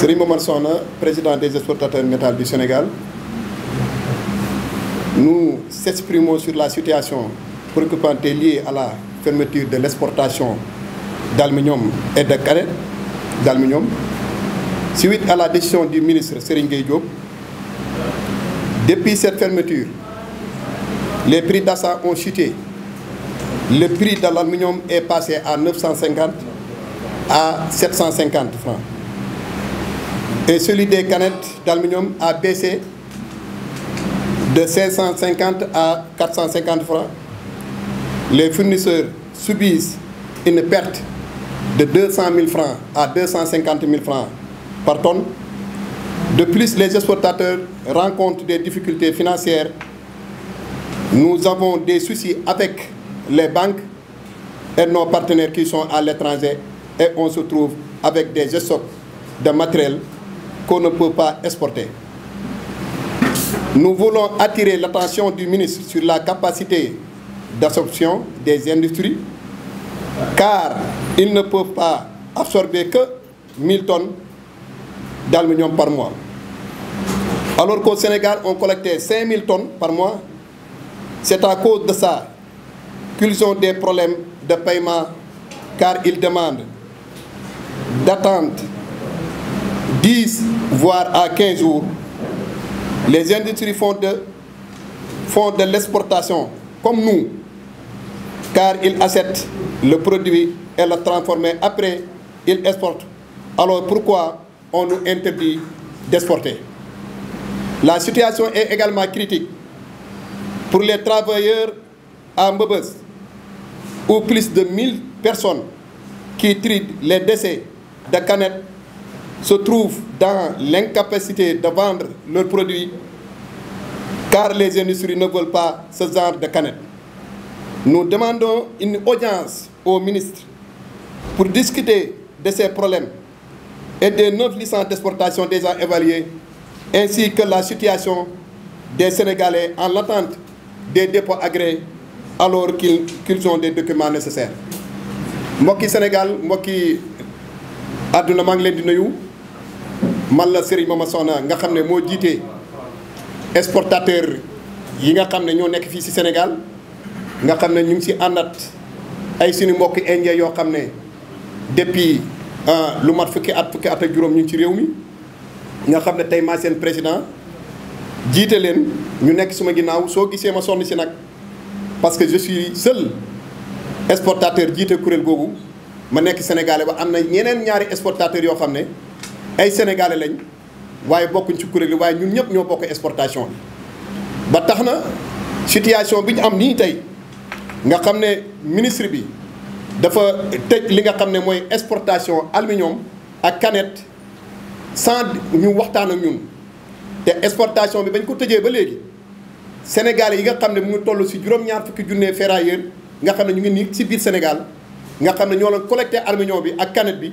Serigne président des exportateurs de métal du Sénégal nous s'exprimons sur la situation préoccupante liée à la fermeture de l'exportation d'aluminium et de carrettes d'aluminium suite à la décision du ministre Serigne Diop depuis cette fermeture les prix d'Assa ont chuté le prix de l'aluminium est passé à 950 à 750 francs et celui des canettes d'aluminium a baissé de 550 à 450 francs. Les fournisseurs subissent une perte de 200 000 francs à 250 000 francs par tonne. De plus, les exportateurs rencontrent des difficultés financières. Nous avons des soucis avec les banques et nos partenaires qui sont à l'étranger et on se trouve avec des stocks de matériel qu'on ne peut pas exporter. Nous voulons attirer l'attention du ministre sur la capacité d'absorption des industries, car ils ne peuvent pas absorber que 1000 tonnes d'aluminium par mois. Alors qu'au Sénégal, on collectait 5000 tonnes par mois. C'est à cause de ça qu'ils ont des problèmes de paiement, car ils demandent d'attendre 10 voire à 15 jours, les industries font de, l'exportation comme nous, car ils achètent le produit et le transforment. Après, ils exportent. Alors pourquoi on nous interdit d'exporter La situation est également critique pour les travailleurs à Mbebes, où plus de 1000 personnes qui trident les décès de canettes se trouvent dans l'incapacité de vendre leurs produits car les industries ne veulent pas ce genre de canettes. Nous demandons une audience au ministre pour discuter de ces problèmes et des neuf licences d'exportation déjà évaluées, ainsi que la situation des Sénégalais en attente des dépôts agréés alors qu'ils ont des documents nécessaires. qui Sénégal suis qui maa man la Serigne Mama Soxna nga xam ne moo jiite exportateur yi nga xam ne ñoo nekk fii si Sénégal nga xam ne ñu ngi ci àndat ay suñu mbokk indien yoo xam ne depuis euh, lu mat fukki at fukki at ak juróom ñu ngi ci réew mi nga xam ne tey ma seen président jiite leen ñu nekk suma ginnaaw soo gisee ma sonn si nag parce que je suis seul exportateur jiite kuréel googu ma nekk sénégalais ba am na ñeneen ñaari exportateur yoo xam ne ay sénégalais lañ waaye bokkuñ ci kuréel gi waaye ñun ñëpp ñoo bokk exportation bi ba tax na situation bi ñu am nii tey nga xam ne ministre bi dafa tej li nga xam ne mooy exportation aluminium ak canette sans ñu waxtaan ak ñun te exportation bi bañ ko tëjee ba léegi sénégalais yi nga xam ne mu ngi toll si juróom-ñaar fukki junnee ferrailleur nga xam ne ñu ngi nii si biir Sénégal nga xam ne ñoo la collecté aluminium bi ak canette bi.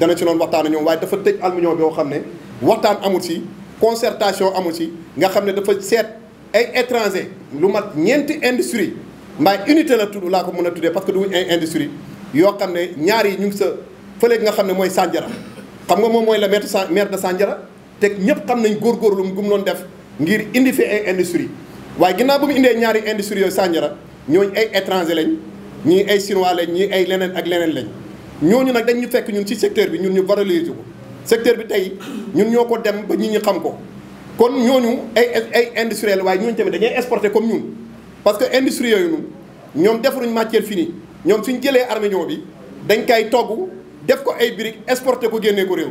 dana ci doon waxtaan ak ñoom waaye dafa tëj almunion yoo xam ne waxtaan amul si concertation amul si nga xam ne dafa seet ay étranger lu mat ñeenti industrie mbaay unité la tudd laa ko mën a tuddee parce que du ay industrie yoo xam ne ñaar yi ñu ngi sa fële nga xam ne mooy Sandiara xam nga moom mooy la maire maire de Sandiara te ñëpp xam lu mu gum doon def ngir indi fi ay industrie waaye ginnaaw bu mu indee ñaari industrie yooyu Sandiara ñooñu ay étranger lañ ñii ay chinois lañ ñii ay leneen ak leneen lañ ñooñu nag dañu fekk ñun ci secteur bi ñun ñu valoriser ko secteur bi tey ñun ñoo ko dem ba nit ñi xam ko kon ñooñu ay ay industriel waaye ñooñu tamit dañuy exporter comme ñun parce que industrie yooyu ñun ñoom defaruñ matière finie ñoom suñ jëlee armignon bi dañ koy togg def ko ay briques exporter ko génnee ko réew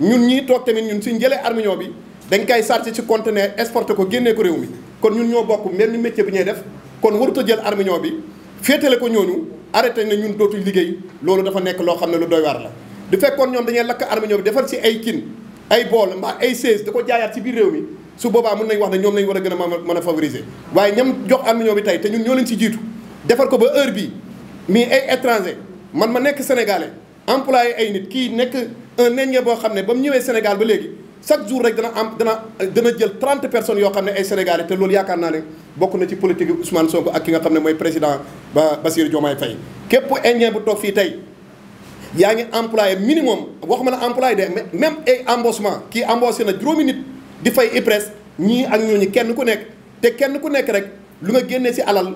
mi ñun ñii toog tamit ñun suñ jëlee armignon bi dañ koy chargé ci conteneur exporter ko génnee ko réew mi kon ñun ñoo bokk mel ni métier bi ñuy def kon waruta jël armignon bi féetale ko ñooñu arrêté na ñun dootuñ liggéey loolu dafa nekk loo xam ne lu dooy waar la du fekkoon ñoom dañuy lakk armée ñoom defal ci ay kin ay bool mbaa ay sées da ko jaayaat ci biir réew mi su boobaa mun nañ wax ne ñoom lañ war a gën a mën a favoriser waaye ñam jox armée ñoom bi tey te ñun ñoo leen ci jiitu defal ko ba heure bii mii ay étranger man ma nekk sénégalais employé ay nit kii nekk un nenge boo xam ne ba mu ñëwee Sénégal ba léegi chaque jour rek dana am dana dana jël trente personnes yoo xam ne ay sénégalais te loolu yaakaar naa ne bokk na ci politique Ousmane Sonko ak ki nga xam ne mooy président ba Bassirou Diomaye Faye képp indien bu toog fii tey yaa ngi employé minimum waxuma na employé de même ay embauchement kii embauché na juróomi nit di fay IPRES ñii ak ñooñu kenn ku nekk te kenn ku nekk rek lu nga génnee si alal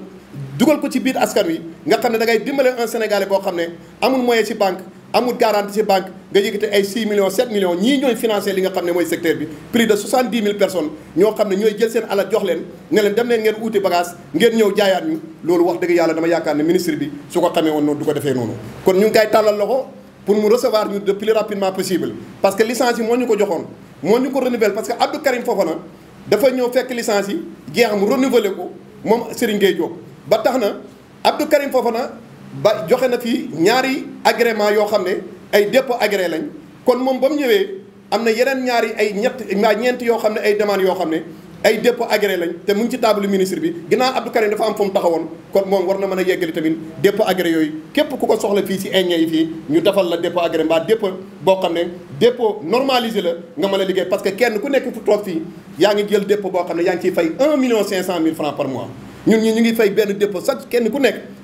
dugal ko ci biir askan wi nga xam ne da ngay dimbale un sénégalais boo xam ne amul moyen ci banque. amul garantie ci banque nga yëkkati ay 6 millions 7 millions ñi ñoy financé li nga xamne moy secteur bi plus de 70 000 personnes ñoo xamne ne jël seen alal jox leen ne leen dem leen ngeen outil bagage ngeen ñew jaayaat ñu loolu wax deug yalla dama yaakaar ne ministre bi su ko xamé woon noonu du ko défé nonu kon ñu ngi koy tàllal loxo pour mu recevoir ñu de plus rapidement possible parce que licence yi mo ñu ko joxone mo ñu ko renouveler parce que Abdou Karim Fofana dafa ñew fekk licence yi jeex mu renouveler ko mom Serigne Gueye Diop ba taxna Abdou Karim Fofana ba joxe na fi ñaari agrément yoo xam ne ay dépôt agréé lañ kon moom ba mu ñëwee am na yeneen ñaari ay ñett ñeent yoo xam ne ay demandes yoo xam ne ay dépôt agréé lañ te mu ngi ci table ministre bi ginnaaw Abdou Karim dafa am fu mu taxawoon kon moom war na mën a yeggali tamit dépôt agréé yooyu képp ku ko soxla fii si inñe yi fii ñu defal la dépôt agréé mbaa dépôt boo xam ne dépôt normalisé la nga mën a liggéey parce que kenn ku nekk fu toog fii ngi jël dépôt boo yaa ngi ciy fay 1 million 500 mille ñu ngi fay benn dépôt sax kenn ku nekk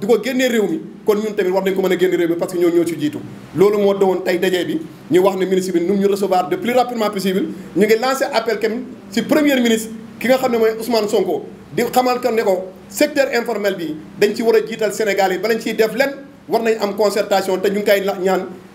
di ko génnee réew kon ñun tamit war nañ ko mëna génné génne réew parce que ñoo ñoo ci jitu lolu mo doon tay dajé bi ñu wax né ministre bi nu ñu recevoir de plus rapidement possible ñu ngi lancer appel kam ci premier ministre ki nga xamné moy Ousmane Sonko di xamal kan né ko secteur informel bi dañ ci wara jital sénégalais Sénégal yi balañ ciy def len war nañ am concertation té ñu ngi kay ñaan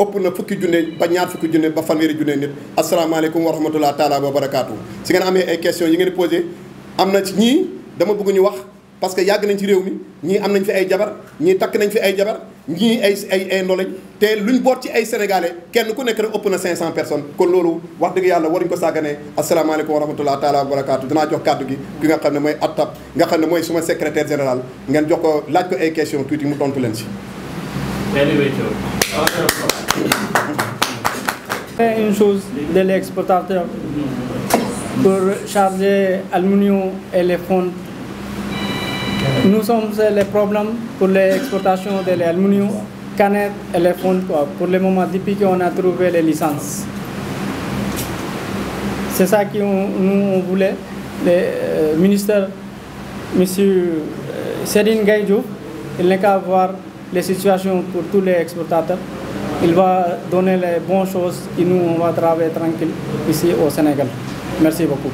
ëpp na fukki junne ba ñaar fukki junne ba fanweeri junne nit asalaamaaleykum wa rahmatulah taala wa barakaatu. si ngeen amee ay questions yi ngeen poser amna ci ñi dama bëgg ñu wax parce que yag nañ ci réew mi ñi am nañ fi ay jabar ñi tak nañ fi ay jabar ñi ay ay ay ndolañ te luñ boot ci ay sénégalais kenn ku nekk rek ëpp na 500 personnes. kon lolu wax dëgg yàlla waruñ ko sàgganee asalaamaaleykum wa rahmatulah taala wa barakaatu dinaa jox kàddu gi ki nga xam ne mooy attab nga xam ne mooy suma secrétaire général ngeen jox ko laaj ko ay questions tuuti mu tontu leen si. Une chose de l'exportateur pour charger aluminium et les fonds. Nous sommes les problèmes pour l'exportation de l'aluminium, canet et les fonds. Pour le moment, depuis qu'on a trouvé les licences. C'est ça que nous on voulait. Le euh, ministre M. Euh, Serine Gaïdjou, il n'est qu'à voir les situations pour tous les exportateurs. Il va donner les bonnes choses et nous, on va travailler tranquille ici au Sénégal. Merci beaucoup.